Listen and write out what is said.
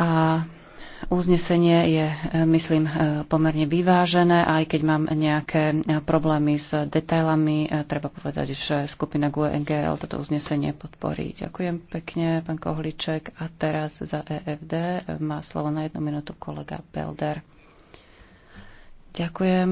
A uznesenie je, e, myslím, e, pomerne vyvážené, aj keď mám nejaké e, problémy s detailami, treba povedať, že skupina GUE-NGL toto uznesenie podporí. Ďakujem pekne, pán Kohliček. A teraz za EFD má slovo na jednu minútu kolega Belder. Ďakujem.